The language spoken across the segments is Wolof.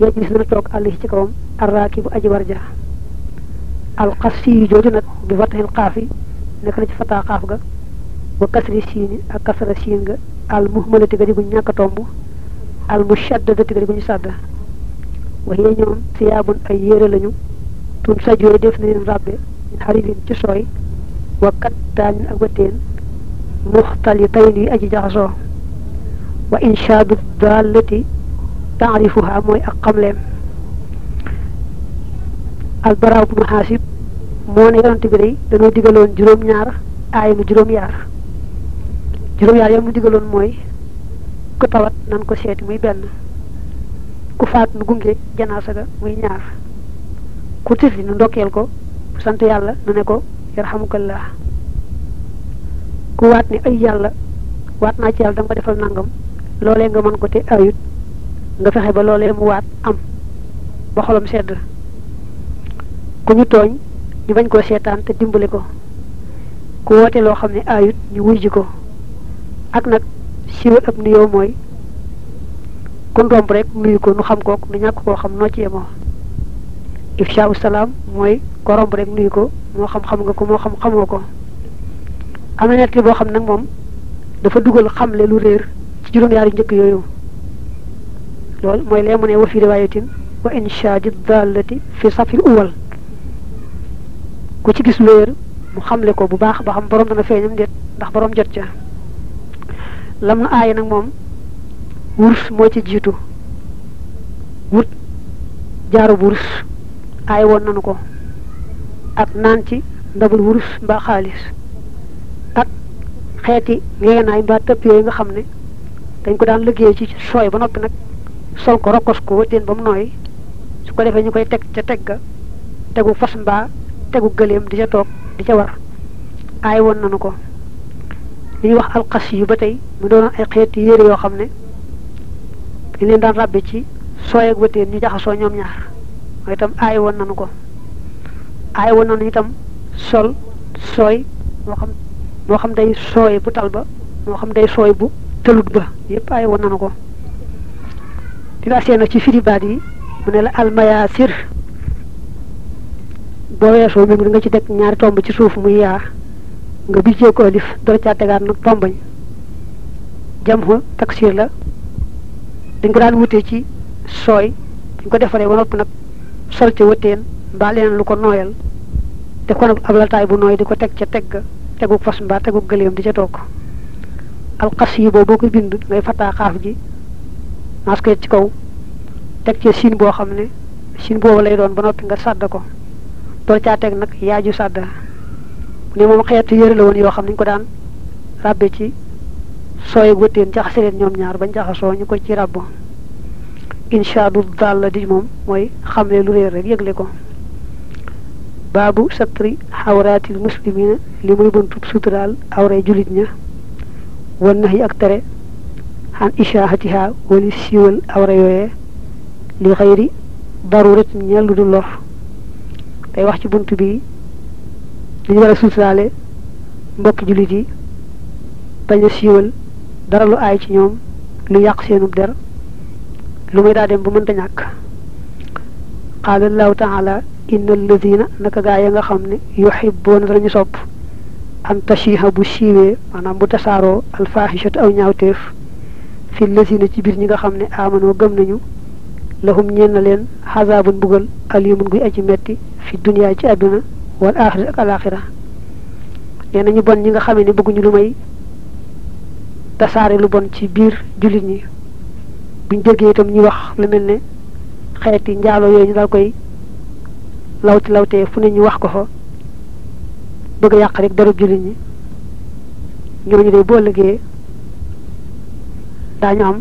yajlis dana toog àll ci kawam arraakibu aji war ja alxasiyu jooju nag bi fataxil xaaf yi nekk na ci fataa xaaf ga wa kasri siini ak kasra siin ga al muhmalati ga di bu ñàkk tomb al mushaddadati ga di bu ñu sàdda waxee ñoom siyaabun ay yére lañu tun sajooy def na leen ràbbe xarilin ci sooy wa kattaanin ak wateen muxtalitayn yi aji jaxasoo wa inshaadu daalati taarifuha mooy ak xamleem albaraaw bu nu xaasib moo ne yonante bi day dañoo digaloon juróom-ñaar aay juróom-yaar juróom-yaar yam digaloon mooy ku tawat nan ko seeti muy benn ku faat nu gunge janaasa ga muy ñaar ku tifli nu ndokkeel ko sant yàlla nu ne ko yarhamukallah ku waat ni ay yàlla waat naa ci yàlla danga ma defal nangam loolee nga mën ko te ayut nga fexe ba loolee mu waat am ba xolam sedd ku ñu tooñ ñu bañ koo seetaan te dimbali ko ku woote loo xam ne aayut ñu ji ko ak nag siiwal ab nuyoo mooy kun romb rek nuyu ko nu xam kook nu ñàkk koo xam noo ci yemoo ifshaawu salaam mooy ko romb rek nuyu ko moo xam xam nga ko moo xam xamoo ko am na nett boo xam nag moom dafa dugal xam xamle lu réer ci juróom-ñaari njëkk yooyu loolu mooy lee mu ne wa fi riwaayatin wa inshaadi dallati fi safil uwal ku ci gis lóyër mu xamle ko bu baax ba xam borom dana feeñam déet ndax borom jot ca lam na aaya nag moom wurs moo ci jiitu wut jaaro bu wurs aay woon nanu ko ak naan ci ndabul wurus mbaa xaalis ak xeeti ngeenaay mbaa tëpp yooyu nga xam ne dañ ko daan liggéey ci sooy ba noppi nag sol ko rokkos ko wëteen ba mu nooy su ko defee ñu koy teg ca teg ga tegu fas mbaa tegu gëléem di ca toog di ca war aay woon nanu ko li ñuy wax alxas yu ba tey mu doonoon ay xeeti yére yoo xam ne dañ leen daan ràbbe ci sooy ak wëteen ñu jaxasoo ñoom ñaar mooy itam aay woon nanu ko aay woon nanu itam sol sooy moo xam moo xam day sooy bu tal ba moo xam day sooy bu tëlut ba yépp aay woon nanu ko bi nga seeno ci firi baat yi mu ne la almayasir boo weesoo mi nga ci teg ñaari tomb ci suuf muy yaa nga bijjee ko alif dora caa tegaat nag tombañ jamhu taksir la dañ ko daan wutee ci sooy buñ ko defaree ba nopp nag sol ca wëteen mbaa leneen lu ko nooyal te kon ab laltaay bu nooy di ko teg ca tegg tegu fas mbaa tegu gëleem di ca toog alqas yi boo boo ko bind ngay fataa xaaf ji maska ci kaw teg ci siin boo xam ne siin boobu lay doon ba noppi nga sàdd ko door caa teg nag yaaju sàdd mu ne moom xeetu yëre la woon yoo xam ne ñu ko daan ràbbe ci sooy wëteen jaxase leen ñoom ñaar bañ jaxasoo ñu koy ci ràbb incha du daal la di moom mooy xam xamle lu réer rek yëgle ko baabu satri xawraatil muslimina li muy buntub daal awray jullit ña wan nax yi ak tere an ishaahatiha wali siiwal awra yooyee li xayri darurat ñeel lu dul lor day wax ci bunt bi li ñu war a suuturaale mbokki jullit yi bañ siiwal dara lu aay ci ñoom lu yàq seenub der lu muy daa dem bu mënta ñàkk qaala allahu taala inna alladina naka gaa ya nga xam ne yuhibboona danañu sopp an tashiha bu siiwee maanaam bu tasaaroo alfaahishatu aw ñaawteef fi lasina ci biir ñi nga xam ne amanoo gëm nañu lahum ñeen na leen xasaabun mbugal alimun guy aji metti fi duniyaa ci àdduna wal axira ak alaxira nee ñu bon ñi nga xamee ne bëgguñu lu may tasaare lu bon ci biir jullit ñi buñ déggee itam ñuy wax lu mel ne xeeti njaaloo yooyu ñu daal koy lawti lawtee fu ne ñu wax ko fa bëgg a yàq rek darub jullit ñi ñooñu day boo ëllëgee daañu am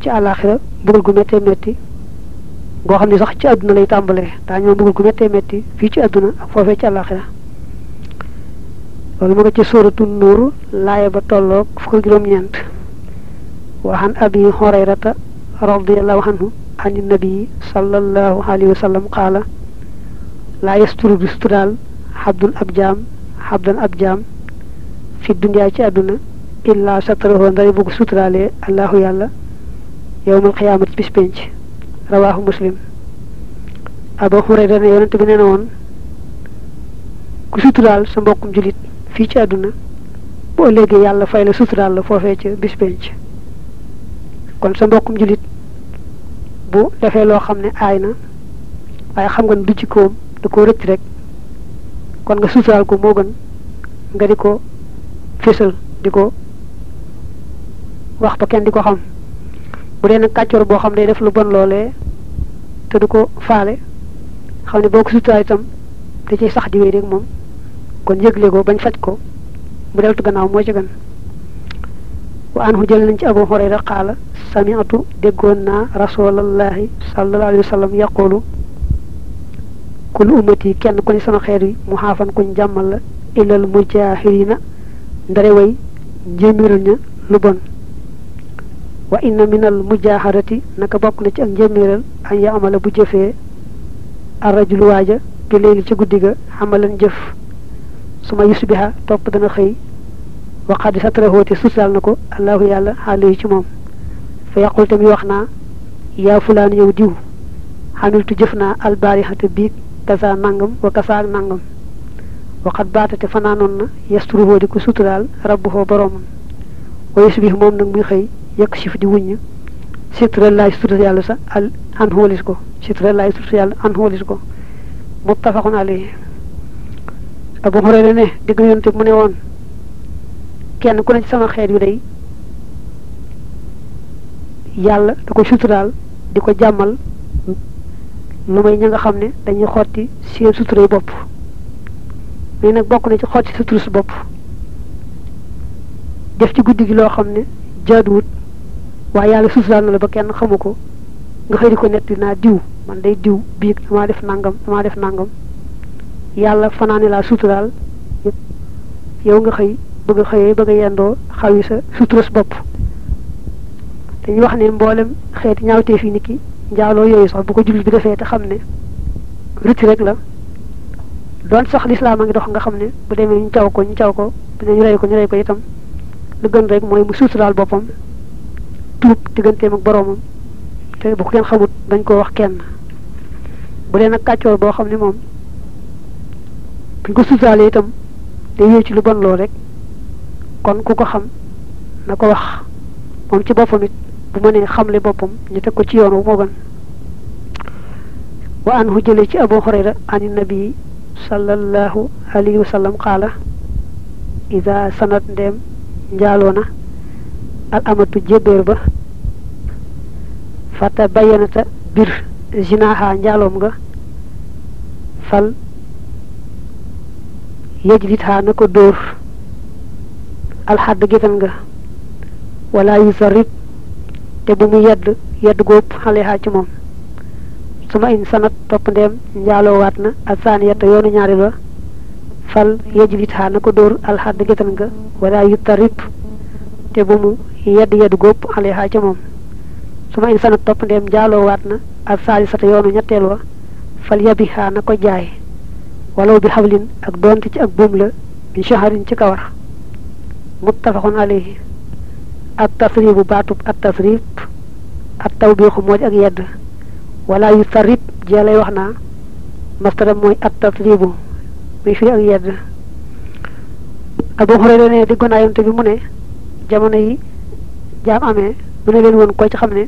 ci àllaaxira mbugal gu méttee métti goo xam ne sax ci àdduna lay tàmbalee daañu am mbugal gu méttee métti fii ci àdduna ak foofee ci àllaaxira loolu ma nga ci sóoratu nuur laaya ba tolloog fukk ak juróom-ñeent waxan abi xorayrata radiallahu anhu ani nabii sallallahu alayhi wa qaala laa yasturu bis tu daal xabdun ab jaam xabdan ab jaam fi dunyaa ci àdduna illaa satarahu ndari bu ko suturaalee allahu yàlla yowmal xiyaamati bis penc rawaahu muslim Abu Hurayra ne yonent bi nee woon ku suturaal sa mbokkum jullit fii ci àdduna boo léegi yàlla fay la suturaal la foofee ca bis kon sa mbokkum jullit bu defee loo xam ne aay na waaye xam nga ne du ci koom da koo rëcc rek kon nga suturaal ko moo gën nga di ko fésal di ko wax waxtu kenn di ko xam bu dee nag kàccoor boo xam day def lu bon loolee te du ko faale xam ne boo ko suturaay itam da ciy sax di wéy rek moom kon yëgle ko bañ faj ko mu deltu gannaaw moo ci gën wa anhu jël nañ ci abu hurayra qaala sami'tu déggoon naa rasulallahi sallallahu alayhi wa sallam yaqulu kullu kenn ku ni sama xeet yi mu xaafan kuñ jàmmal la illal mujahirina ndare way njéeméeral ña lu bon وإن من المجاهرة نك بوك نتي اك جميرال ان يعمل بو جفه الرجل واجا بليل تي غوديغا حملا جف سما يسبها توب دنا خي وقد ستره تي سوسال نكو الله يالا حالي تي موم فيقول تمي وخنا يا فلان يو ديو حملت جفنا البارحه بيك كذا نانغم وكذا نانغم وقد باتت فنانون يستره ديكو سوترال ربو بروم ويسبه موم نك مي خي shif di wuñu sitra lay sutra yalla sa al an holis ko sitra lay sutra yalla an holis ko muttafaqun alayhi abu hurayra ne dig yonte mu ne won kenn ku ne sama xeet yu day yalla da ko sutral di jamal lu may ñinga xamne xam ne dañuy xotti seen sutura bopp mais nag bokk ci xoti sutura su bop def ci guddigi lo xamne xam waa yàlla suuflaan na la ba kenn xamu ko nga xëy di ko nett naa diw man day diw biig damaa def nangam damaa def nangam yàlla fanaane laa suturaal yow nga xëy bëgg xëyee bëgg a yendoo sa suturas bopp dañuy wax ne mboolem xeeti ñaawtee fi nit ki njaaloo yooyu sax bu ko jullit bi defee te xam ne rëcc rek la doon sax lislaam a ngi dox nga xam ne bu demee ñu caw ko ñu caw ko bu ñu rey ko ñu rey ko itam lu gën rek mooy mu suturaal boppam tuub digganteem ak boroomam te bu ko kenn xamut dañ koo wax kenn bu dee nag kàccoor boo xam ni moom buñ ko susaale itam day wéy ci lu bon rek kon ku ko xam na ko wax moom ci boppam it bu mënee xamle boppam ñu teg ko ci yoon wu moo gën wa anhu jële ci abu hurayra ani nabi sallallahu alayhi wa sallam qaala ida sanat njaaloo na al amatu jébbéer ba fata bayanata bir zinaaha njaaloom nga fal yejrit ha na ko dóor alxadd gétan nga wala yu sarrib te bu mu yedd yedd góob xale ha ci moom suma in sanat topp ndeem njaaloo waat na ak saaniyata yoonu ñaari ba fal yejrit ha na ko dóor alxadd gétan nga wala yu tarib te bu yedd yedd góob ale ca moom su ma insana topp ndeem jaaloo waat na ak saalisata yoonu ñetteel wa fal yabiha na ko jaay walaw bi xablin ak doonte ci ak buum la min shaharin ci kawar muttafaqun alayhi at tasribu baatub at tasrib at tawbiixu mooj ak yedd wala yu sarib jeelay wax naa mastara mooy at tasribu muy firi ak yedd abu hurayra ne di gonaayante bi mu ne jamono yi jaam amee mu ne leen woon ko ci xam ne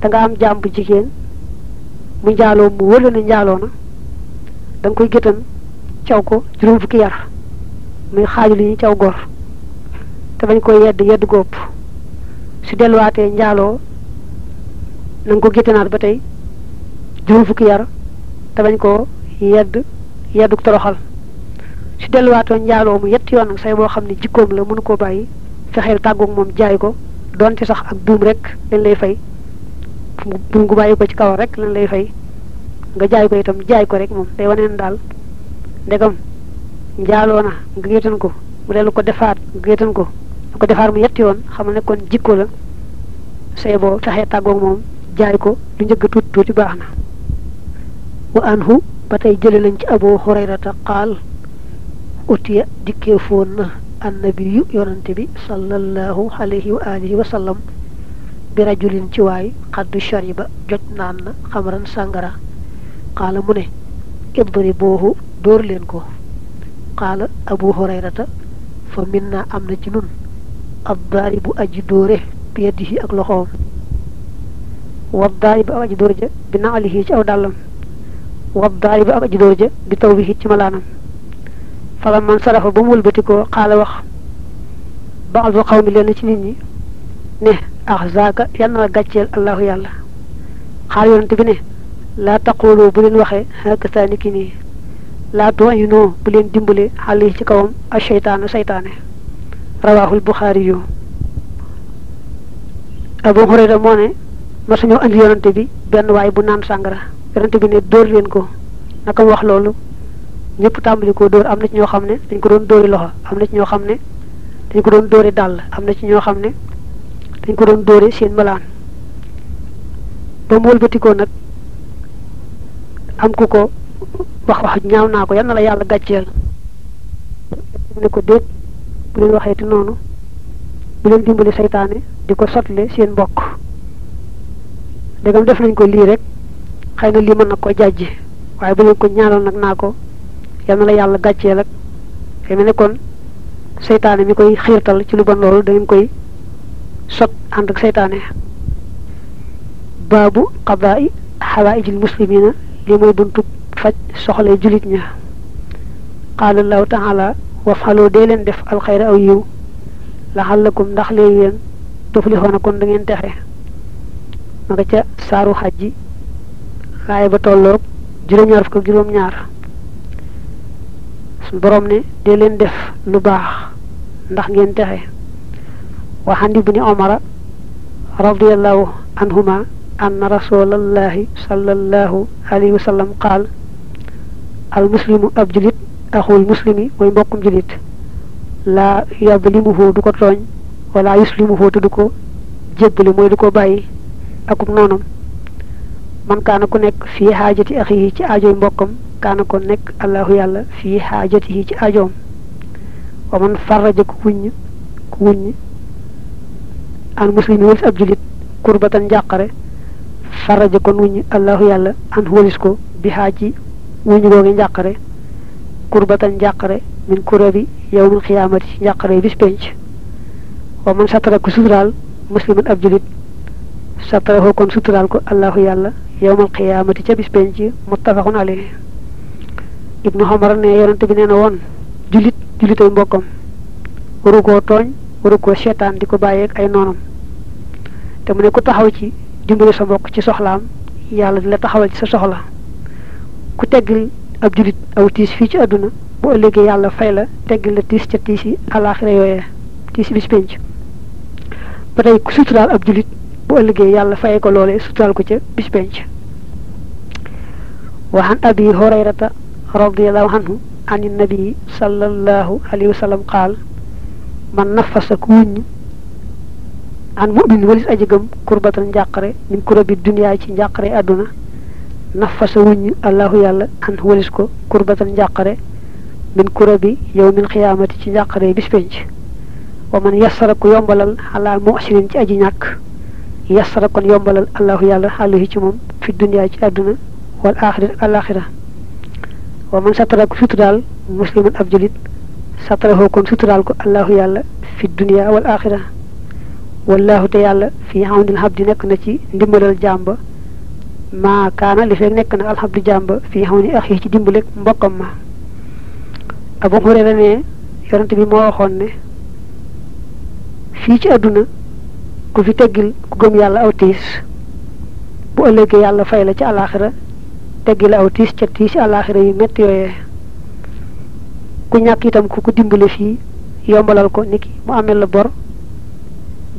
danga am jaam bu jigéen mu njaaloo mu wër la njaaloo na da koy géttan caw ko juróom fukki yar muy xaaju li ñuy caw gor te bañ koy yedd yedd góob njaaloo na nga ko géttanaat ba tey juróom fukki yar te bañ ko yedd yeddu toroxal su delluwaatoo njaaloo mu yett yoon nag say boo xam ne jikkoom la mënu koo bàyyi fexeel tàggoog moom jaay ko donte sax ak buum rek lañ lay fay buum gu bàyyi ko ci kawar rek lañ lay fay nga jaay ko itam jaay ko rek moom day waneen daal ndegam njaaloo na nga gétan ko mu la ko defaat nga gétan ko lu ko defaat mu yetti yoon xam ne kon jikko la say boo taxee moom jaay ko lu njëgg tuuti tuuti baax na wa anhu ba tey jële nañ ci abu hurayrata qaal utiya dikkee foon na annabiyu yonante bi sallallahu alayhi wa alihi wa sallam bi rajulin ci waay xaddu shariba joj naan na xamaran sàngara xaala mu ne idriboohu dóor leen ko xaala abu hurayrata fa min am na ci nun ab daari bu aji dóore bi yadihi ak loxoom wab daari bu ab dóor ja bi naalihi ci aw dàllam wab daari bu ab dóor ja bi tawbihi ci malaanam fala man sarafa ba mu wëlbatikoo xaala wax baxal xaw mi leen ci nit ñi ne ah zaaka na la gàcceel allahu yàlla xaal yonante bi ne laa taqooloo bu leen waxee haka saa ki nii laa tuwayinoo bu leen dimbale xale yi ci kawam ak seytaanu seytaane rawaahul buxaari yu abu hurayra moo ne ma suñoo andi yonante bi benn waay bu naan sàngara yonante bi ne dóor leen ko naka wax loolu ñëpp tàmbali koo dóor am na ci ñoo xam ne dañ ko doon dóori loxo am na ci ñoo xam ne dañ ko doon dóori dàll am na ci ñoo xam ne dañ ko doon dóori seen malaan ba mu wëlbatikoo nag am ku ko wax wax ñaaw naa ko yal na la yàlla gàcceel ne ko déet bu leen waxeeti noonu bu leen dimbali seytaane di ko sotle seen mbokk ndegam def nañ ko lii rek xëy na lii mën nag ko jàjji waaye bu leen ko ñaanal nag naa ko yal na la yàlla gàcceel ak te ne kon seytaane mi koy xiirtal ci lu bon loolu da koy sot ànd ak seytaane baabu xabaay xawaayijil muslimina lii mooy buntu faj soxla jullit ña qaala allahu taala wafaloo dee leen def alxayra aw yiw laxallakum ndax léegi yéen tuflixoona kon dangeen ngeen texe ma nga ca saaru xaj ji laay ba tolloog juróom-ñaar fukk ak juróom-ñaar boroom borom ne dee leen def lu baax ndax ngeen texe waxan ibni omara radiallahu anhuma anna rasulallahi sallallahu alayhi wa sallam qaal al muslimu ab julit axul muslimi way mbokkum julit laa yablimuhu du ko tooñ wala yuslimuhu te du ko jébbali mooy du ko bàyyi akum noonam man kaana ku nekk fii xaajati axihi ci aajoom mbokkam kaana ko nekk allahu yàlla fii xaajatihi ci aajoom wa man farraja ku wuññ ku wuññ an muslimi walis ab julit kurbatan njàqare farraja kon wuññ allahu yàlla an walis ko bi xaaji wuññ googi njàqare kurbatan njàqare min kurabi yawmul xiyaamati njàqare bis penc wa man satara ku suturaal musliman ab julit satarahu kon suturaal ko allahu yàlla yowmal qiyaamati ca bis penc muttafaqun alayhi ibnu xamar ne yonente bi nee na woon jullit jullitay mbokkam waru koo tooñ waru seetaan di ko bàyyeeg ay noonam te mu ne ku taxaw ci dimbali sa mbokk ci soxlaam yàlla di la taxawal ci sa soxla ku teggil ab jullit aw tiis fii ci àdduna bu ëllëgee yàlla fay la teggil la tiis ca tiis yi àllaaxira yooyee tiis bis ba tey ku suturaal ab jullit bu ëllëgee yàlla faye ko loole su sutaal ko ca bis penc wa an abi hurayrata radiallahu anhu an nabii sallallahu alayhi wa sallam qaal man nafasa ku wuññ an mumin walis aji gëm kurbatan min kurabi duniyaa ci njàqare àdduna nafasa yàlla an walis ko kurbatan njàqare min ci njàqare bis penc wa man yassara ku yombalal ala muxsinin ci aji ñàkk yasara kon yombalal allahu yàlla xàlluhi ci moom fi duniyaa ci àdduna wal axira ak alaxira wa man satara ko suturaal musliman ab julit satarahoo kon suturaal ko allahu yàlla fi duniyaa wal axira wallahu te yàlla fi xamdil xabdi nekk na ci ndimbalal jàmba maa kaana li fekk nekk na alxabdu jàmba fi xamni axi ci dimbalek mbokkam ma abu xurera ne yonante bi moo waxoon ne ci àdduna ku fi teggil ku gëm yàlla aw tiis bu ëllëgee yàlla fay la ci alaxira teggil aw tiis ca tiis alaxira yu metti yooyee ku ñàkk itam ku ko dimbale fii yombalal ko niki mu amel la bor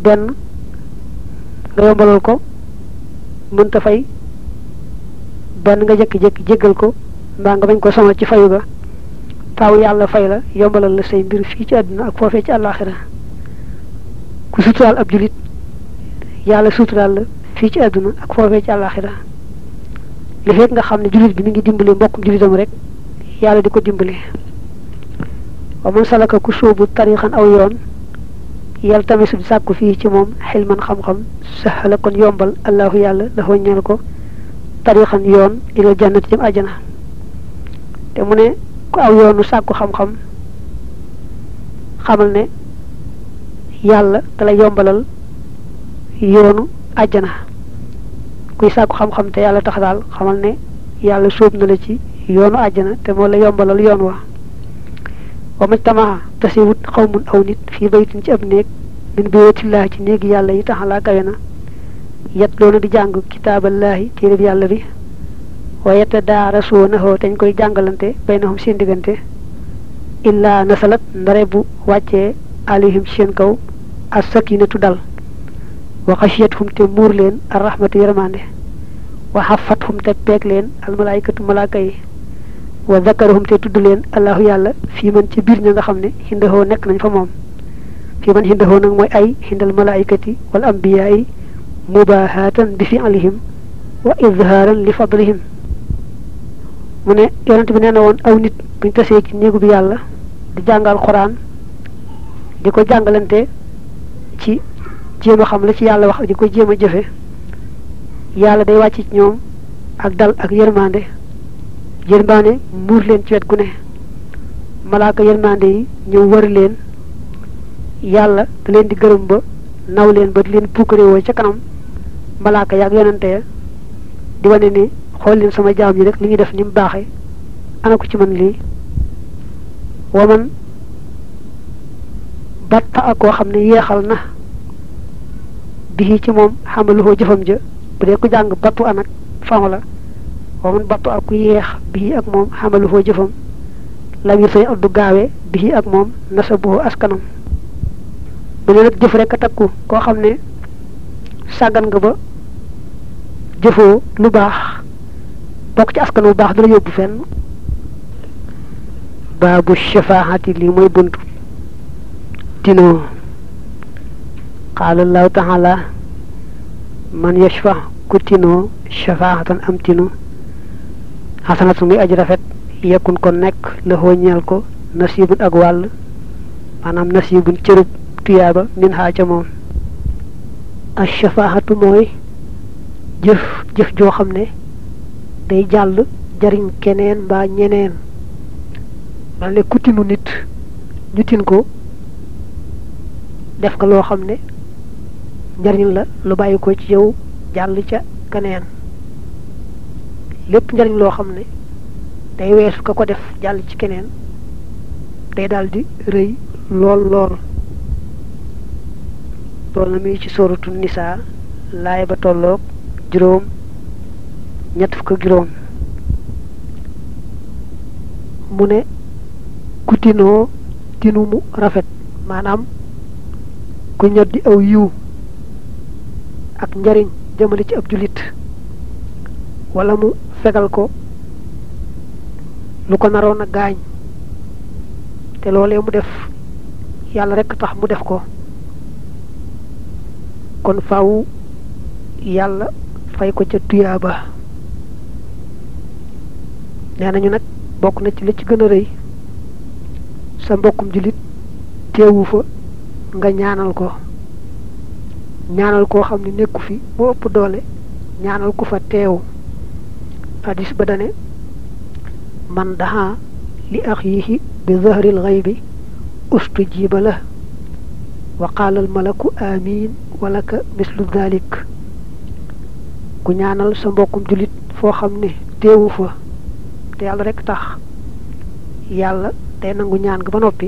benn nga yombalal ko mënta fay ban nga jekki-jekki jéggal ko mbaa nga bañ ko sonal ci fayu ga taw yàlla fay la yombalal la say mbir fii ci àdduna ak foofee ci alaxira ku suturaal ab julit yàlla suturaal la fii ci àdduna ak foofee ci àllaaxira li fekk nga xam ne jullit bi mi ngi dimbali mbokkum jullitam rek yàlla di ko dimbali wa man salaka ku sóobu tariixan aw yoon yàlla tamit su sàkku fii ci moom xilman xam-xam sahala kon yombal allahu yàlla dafa ñeel ko tariixan yoon ilal jannati jëm àjjana te mu ne ku aw yoonu sàkku xam-xam xamal ne yàlla da la yombalal yoonu àjjana kuy sàkku xam-xam te yàlla tax daal xamal ne yàlla sóob na la ci yoonu àjjana te moo la yombalal yoon wa wa majtamaa tasi wut xawmun aw nit fii baytin ci ab néeg min buyutillah ci néegi yàlla yi taxalaa kawe na yet loona di jàng kitaaballahi téereb yàlla bi wa yetta soo rasoo naxoo dañ koy jàngalante baynahum seen diggante illaa nasalat ndare bu wàccee ci seen kaw as sakinatu dal وخشيتهم تمور لين الرحمة يرمان وحفتهم تبيك لين الملائكة ملاكي وذكرهم تتد لين الله يالا في من تبير نغا خمني هنده نك نان فموم في من هنده نك موي اي هند الملائكة والأنبياء مباهاتا بفعلهم وإظهارا لفضلهم mune yonent bi neena won aw nit buñ tassé ci neegu bi yalla di jangal qur'an di jéem a xam la ci yàlla wax ak di ko jéem a jëfe yàlla day wàcc ci ñoom ak dal ak yërmande yërmande muur leen ci wet gu ne malaaka yërmande yi ñëw war leen yàlla da leen di gërëm ba naw leen ba di leen pukkare woo ca kanam malaaka yaag yonante ya di wane ni xool leen sama jaam yi rek li ñuy def nim mu baaxee ana ci man lii wa man batta ak koo xam ne yeexal na bihi ci moom xamaluhoo jëfam ja bu dee ku jàng battu anak fam la wa man battu ak ku yeex bihi ak moom xamaluhoo jëfam lam it say addu bihi ak moom nasaboo askanam mu ne nag jëf rek a takku koo xam ne sàggan nga ba jëfoo lu baax bokk ci askan bu baax du la yóbbu fenn baabu shafaati li mooy bunt tinoo qaala allahu taala man yashfa ku tinoo shafaatan am tinu xasanatu aj rafet yekkun ko nekk la xooñeel ko nasibun ak wàll maanaam nasibun cërub tuyaaba min xaa ca moom ak shafaatu jëf joo xam ne day jàll jariñ keneen mbaa ñeneen man ne ku nit ñu tin ko def ko loo xam ne njariñ la lu bàyyi ko ci yow jàll ca keneen lépp njariñ loo xam ne day weesu ka ko def jàll ci keneen day daldi rëy lool lool loolu mi ci sóoratu nisaa laay ba tolloog juróom ñett fukk juróom mu ne ku tinoo tinu rafet maanaam ku ñoddi aw yiw ak njariñ jëmale ci ab julit wala mu fegal ko lu ko naroon a gaañ te loolee mu def yàlla rek tax mu def ko kon faaw yàlla fay ko ca tuyaaba nee nañu nag bokk na ci li ci gën a sa mbokkum julit teewu nga ñaanal ko ñaanal koo xam ne nekku fi moo ëpp doole ñaanal ku fa teew hadis ba dane man daha li axiihi bi zahril xaybi ustujiba la wa qaala al malaku amiin walaka mislu dalik ku ñaanal sa mbokkum jullit foo xam ne teewu fa te yàlla rek tax yàlla day nangu ñaan ba noppi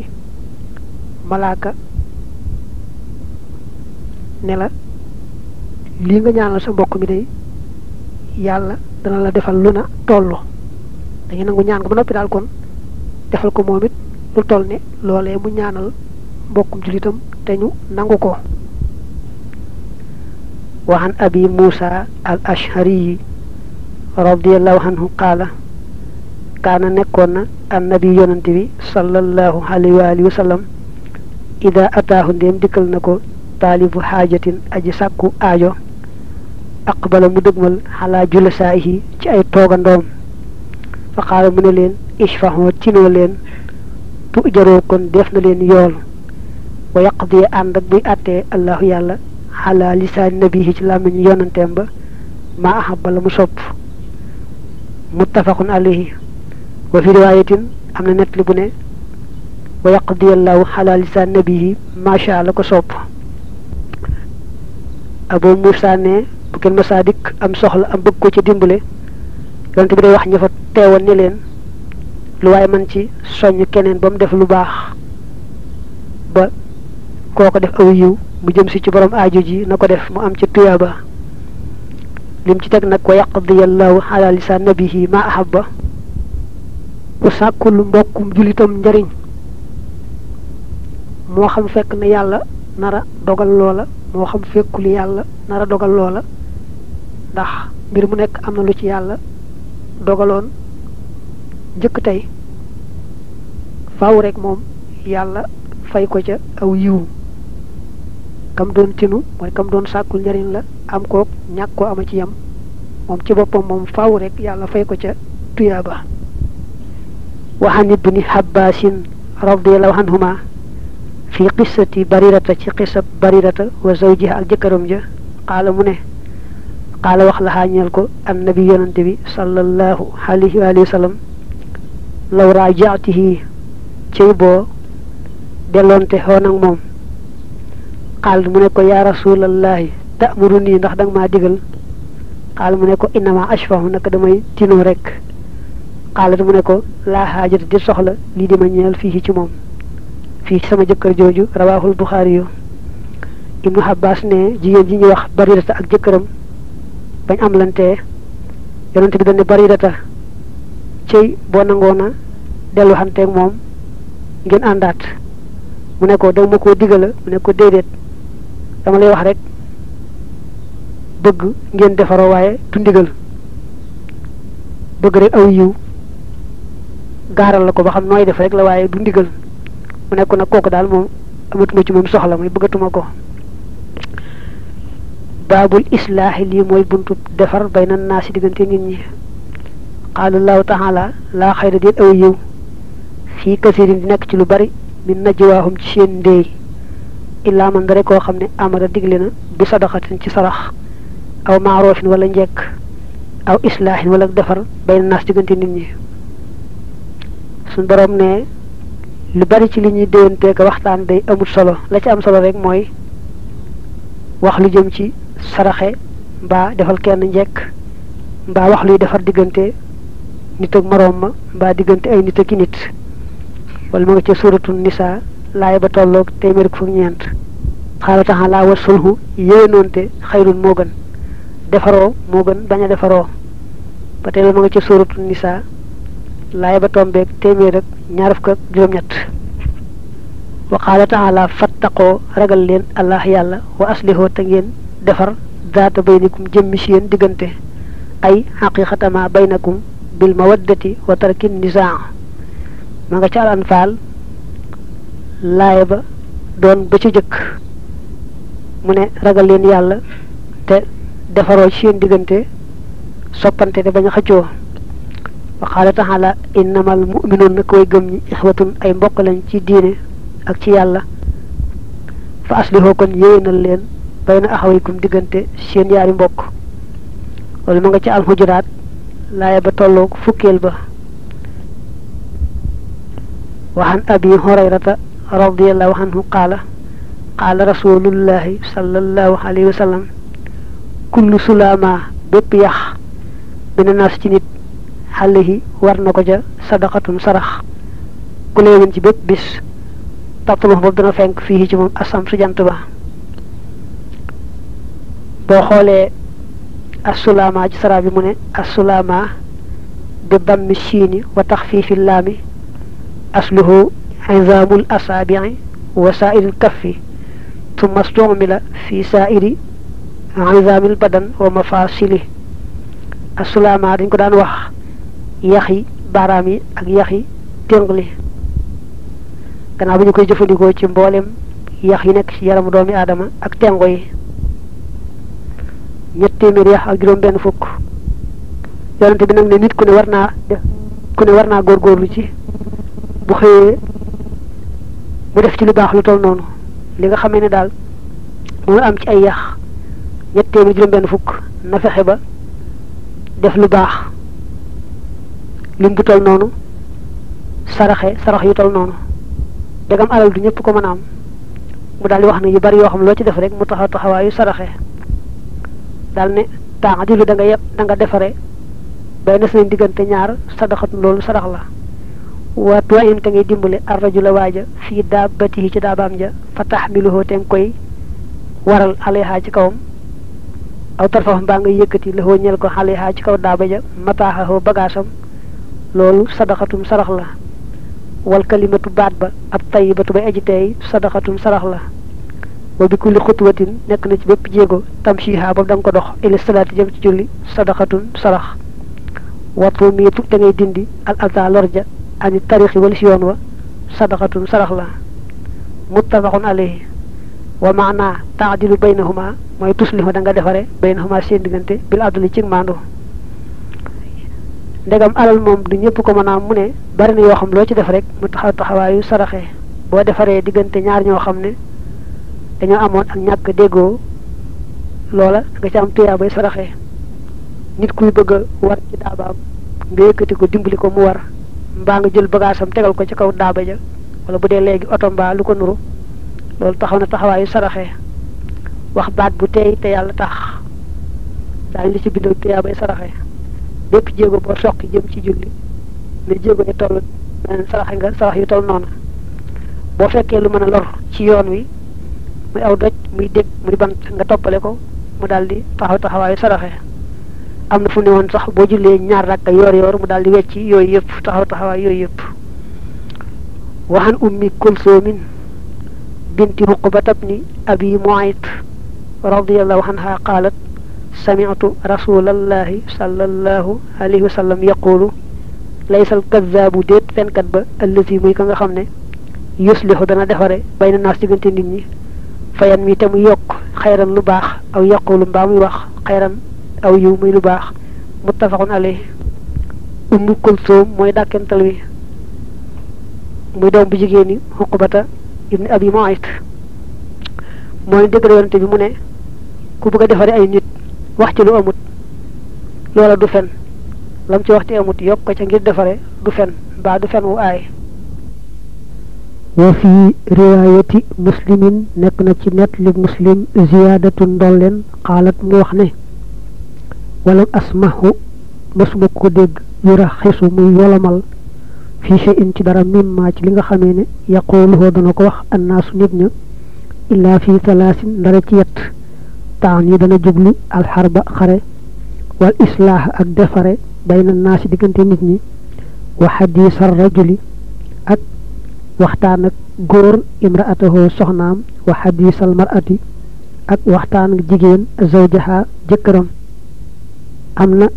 malaaka ne la lii nga ñaanal sa mbokk mi day yàlla dana la defal lu na toll dañu nangu ñaan ko ba noppi daal kon defal ko moom it lu toll ne loolee mu ñaanal mbokkum jullitam te ñu nangu ko wa an abi muusa al ashariyi radiallahu anhu qaala kaana nekkoon na annabi yonante bi sallallahu alayhi wa alihi wa sallam ida ataahu dikkal na ko taalibu xaajatin aji sàkku aajo aqbala mu dëgmal xalaa julasaahi ci ay toogandoom fa xaala mu ne leen ishfaxoo tinoo leen tu jaroo kon def na leen yool wa yaqdi ànd ak buy àttee allahu yàlla xalaa lisaani nabihi ci làmmiñ yonanteem ba ma ahaba la mu sopp muttafaqun alayhi wa fi riwaayatin am na nettali bu ne wa di allahu xalaa lisaani nabihi macha la ko sopp abu musa ne bu ken mësa am soxla am bëgg ko ci dimbale yonte bi day wax ñafa téwon ni leen lu way man ci keneen bam def lu baax ba koko def aw yiw mu jëm si ci borom aaju ji na def mu am ci tiyaba lim ci teg nag wa yaqdiyallahu ala lisan nabihi ma ahabba sakku lu mbokum julitam ndariñ mo xam fekk na yalla nara dogal loola moo xam fekkul yàlla nara dogal loola ndax mbir mu nekk am na lu ci yàlla dogaloon njëkk tey faw rek moom yàlla fay ko ca aw yiw kam doon tinu mooy kam doon sàkkul njariñ la am kook ñàkk am ama ci yam moom ci boppam moom faaw rekk yàlla fay ko ca tuyaaba wa an ibni habbasin radiallahu anhuma fii qissati barirata ci qissa barirata wa zawjiha ak jëkkëram ja xaala mu ne xaala wax la xaañeel ko annabi yonante bi sallallahu alayhi wa sallam law raajaatihi cey boo delloonte xoon ak moom xaal mu ne ko yaa rasulallahi tamuru nii ndax danga maa digal xaal mu ne ko innama ashfahu naka damay tinoo rek xaalat mu ne ko laa xaajata di soxla lii di ma ñeel fii ci moom fii ci sama jëkkër jooju rawaahul buxaari yu ibnu abbas ne jigéen ji ñuy wax baridata ak jëkkëram bañ am lantee yonente bi dañ ne baridata cey boo nangoona dellu xanteeg moom ngeen àndaat mu ne ko danga ma koo digala mu ne ko déedéet dama lay wax rek bëgg ngeen defaroo waaye du ndigal bëgg rek aw yiw gaaral la ko ba xam nooy def rek la waaye du ndigal mu nekk nag kooku daal moom amatuma ci moom soxla muy bëggatuma ko baabul islaahi lii mooy buntu defar bay na naa si diggante nit ñi qaala allahu taala laa xayra aw yiw fii kasirin di nekk ci lu bari min najwaahum ci seen ndéey illaa man dara koo xam ne amara digle na bi sadaqatin ci sarax aw maaroofin wala njekk aw islaahin wala defar bay na naa diggante nit ñi suñ borom ne lu bari ci li ñuy déwénteeg waxtaan day amul solo la ci am solo rek mooy wax lu jëm ci saraxe mbaa defal kenn njekk mbaa wax luy defar diggante nit ak moroom ma mbaa diggante ay nit ak i nit wala ma nga ca suuratu nisaa laay ba tollook téeméer ak fukk ñeent xaala taxa laa war sulhu yéenoonte xayrun moo gën defaroo moo gën bañ a defaroo ba tey la ma nga ca suuratu nisaa laay ba tombeeg téeméer ak ñaar fukk ak juróom-ñett wa qaala taala ragal leen allah yàlla wa aslihoo te ngeen defar daata baynikum jëmmi si yéen diggante ay xaqiqatama baynakum bil mawaddati wa tarkin nisaa ma nga ca al anfaal laay ba doon ba ca jëkk mu ne ragal leen yàlla te defaroo ci seen diggante soppante te bañ a xëccoo wa qaala taala innamal muminuun na koy gëm ñi ixwatun ay mbokk lañ ci diine ak ci yàlla fa aslihoo kon yéwénal leen bay na axawaykum diggante seen yaari mbokk wala ma nga ca alxujuraat laaya ba tolloog fukkeel ba waxan abi hurayrata radiallahu anhu qaala qaala rasulullahi sallallahu alayhi wa sallam sulaamaa bépp yax bina naas ci nit xàllihi war na ko ca sadaqatun sarax ku leewin ci bépp bis tatlux boobu dana fenk fii ci moom asam su jant ba boo xoolee asulaama ci sara bi mu ne asulaama bi dammi siini wa taxfiifi laami asluhu izaamul asaabii wa saairil kaffi tumma stumila fi saairi izaamil badan wa mafaasili asulaama dañ ko daan wax yax yi baaraam yi ak yax yi téngli gannaaw bi ñu koy jëfandikoo ci mboolem yax yi nekk ci yaramu doomi aadama ak tengo yi ñett téeméer yax ak juróom benn fukk yonente bi nag ne nit ku ne war naa ku ne war naa góorlu ci bu xëyee mu def ci lu baax lu toll noonu li nga xamee ne daal mu am ci ay yax ñett téeméer juróom benn fukk na ba def lu baax li bu toll noonu saraxe sarax yu toll noonu dagam alal du ñëpp ko mën a am mu daal wax na yu bari yoo xam loo ci def rek mu taxaw taxawaayu saraxe dal ne temps di lu danga nga danga da nga defare bay na seen diggante ñaar sadaxatu loolu sarax la waatu in te ngay dimbale arrajula waaja fii daabatihi ci daabaam ja fa taxmiluhu te nga koy waral alayha ci kawam aw tarfaf mbaa nga yëkkati la ñel ko alayha ci kaw daaba ja mataaxahu bagaasam loolu sadaxatum sarax la wal kalimatu baat ba ab tayyibatu bay aji teey sadaxatum sarax la wa bi kulli xutwatin nekk na ci bépp jéego tamsiha ba da ko dox ila salaati jëm ci julli sadaxatun sarax watoo miitu da ngay dindi al alta lorja ani tarixi wala si yoon wa sadaxatun sarax la muttafaqun alayhi wa maana taadilu baynahuma mooy tuslihu da nga defare baynahuma seen diggante bil adli ci maandu ndegam alal moom du ñëpp ko mën a mu ne bari na yoo xam loo ci def rek mu taxaw taxawaayu saraxe boo defaree diggante ñaar ñoo xam ne dañoo amoon ak ñàkk déggoo loola nga ci am tuyaa bay saraxe nit kuy bëgg war ci daabaam nga yëkkati ko dimbali ko mu war mbaa nga jël bagaasam tegal ko ci kaw daaba ja wala bu dee léegi oto mbaa lu ko nuru loolu taxaw na taxawaayu saraxe wax baat bu te yàlla tax daañu li ci bindu tuyaa bay saraxe bépp jéego boo soqi jëm ci julli ne jéego ya toll mel eh, saraxe nga sarax yu toll noonu boo fekkee lu mën a lor ci yoon wi muy aw doj muy dégg muy bant nga toppale ko mu daal di taxaw taxawaayu saraxe am na fu ne woon sax boo jullee ñaar rakka yoor yoor mu daal di wecci yooyu yëpp taxaw taxawaay yooyu yëpp waxan ummi kulsoomin binti huqbatab ni abi muayt radiyallahu anha qaalat sami'tu rasulallahi sallallahu alayhi wa sallam yaqulu laysal kazzaabu déet fenkat ba allazi muy ka nga xam ne yuslihu dana defare bay na naas diggante nit ñi fayan mi te mu yokk xayran lu baax aw yaqulu mbaa muy wax xayran aw yiw muy lu baax muttafaqun alayh ummu kulsoom mooy dàkkental wi muy doom bu jigéen ñi xuqbata ibni abi muayt moo ne dégg bi mu ne ku bëgg a defare ay nit wax ci lu amut loola du fen lam ci wax ci amut yokk ko ca ngir defare du fen mbaa du fen wu aay wa fi riwaayati muslimin nekk na ci net li muslim ziyaadatu ndolleen xaalat mu wax ne wala asmahu mësuma ko dégg yura xisu muy yolomal fii che in ci dara mimma ci li nga xamee ne yaquuluhoo dana ko wax annaasu nit ña illaa fii talaasin ndara ci yett الاستقطاعني دنا جبلو الحرب خري والإصلاح الدفر بين الناس ديكنتي نتني وحديث الرجل أك وقتان غور امرأته سخنام وحديث المرأة أك وقتان جيجين زوجها جكرم أمنا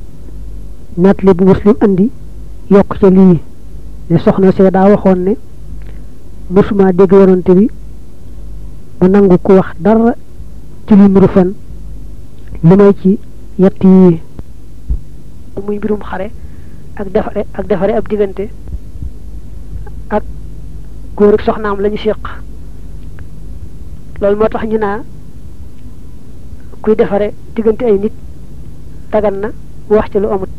نتلب مسلم أندي يقتلي لسخنا سيدا وخوني مسما ديگ يرونتي بي منانغو كو وخ دار julli nuru fen lu may ci yett yi muy birum xare ak defare ak defare ab diggante ak goor ak soxnaam lañu séq loolu motax ñu na kuy defare diggante ay nit dagan na wax ci lu amut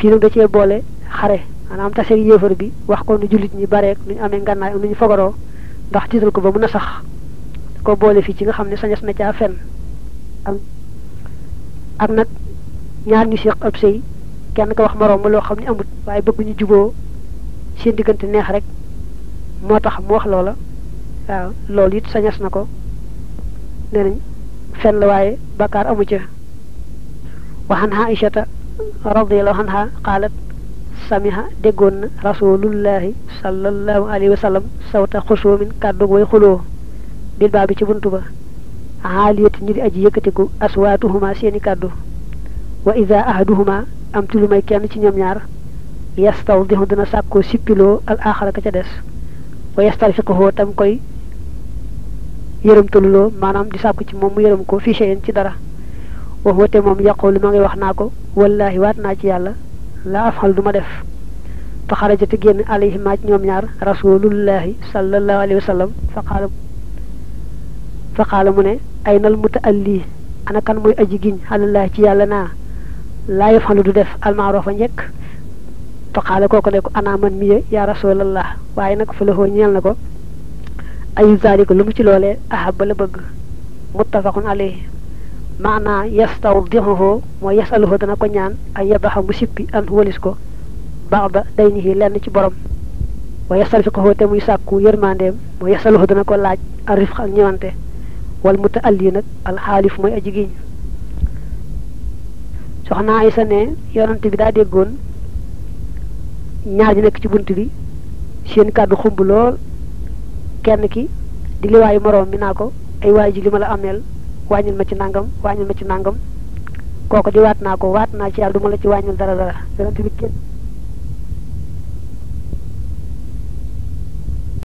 fi lu da ci bolé xare manam tassé yéfer bi wax ko nu julit ñi bare ak ñu amé ngannaay ñu ndax ko ba sax ko boole fii ci nga xam ne sañas na caa fen am nag ñaar ñu seq ab sëy kenn ko wax moroom ma loo xam ne amut waaye bëgg ñu juboo seen diggante neex rek moo tax mu wax loola waaw loolu it sañas na ko nee nañ fen la waaye bakkaar amu ca waxan ha Aysata radiyallahu anha qaalat samiha déggoon na rasulullahi sallallahu alayhi wa sallam sawta xusuumin kàddu way xuloo bil baa bi ci buntu ba xaaliyati di aji yëkkatiku aswaatuhuma seeni kàddu wa ida ahaduhuma am ci lu may kenn ci ñoom ñaar yastawdihu dina sàkkoo sippiloo al axara ka ca des wa yastarfiquhoo tam koy yërëmtaluloo maanaam di sàkku ci moom mu yërëm ko fi shay'in ci dara wax wate moom yaqulu ma wax naa ko wallaahi waat naa ci yàlla la afal du ma def fa xarajate génn alayhi maa ci ñoom ñaar rasulullahi sallallahu alayhi wa sallam fa qaala faqaala mu ne ay nal muta alli ana kan mooy aji giñ xalalaa ci yàlla naa laa yëf xalu du def almaarofa njëkk faqaala kooko ne ko ana yaa rasulallah waaye nag fa lahoo ñeel na ko ayu zalika lu mu ci loolee ahaba la bëgg muttafaqun alayhi maanaa yastawdixuhu mooy yasaluhu dana ko ñaan ay yabaxa mu sippi an walis ko ba'da daynihi lenn ci borom wa yastalfiquhu te muy sàkku yërmandeem mooy yasaluhu dana ko laaj a ak wal mutaalli nag alxaalif mooy aji giñ soxna Aysa ne yonante bi daa déggoon ñaar ñi nekk ci bunt bi seen kàddu xumb lool kenn ki di liwaayu moroom mi naa ko ay waay ji li ma la ameel wàññil ma ci nangam wàññil ma ci nangam kooku di waat naa ko waat naa ci yàlla du la ci wàññil dara dara yonante bi kenn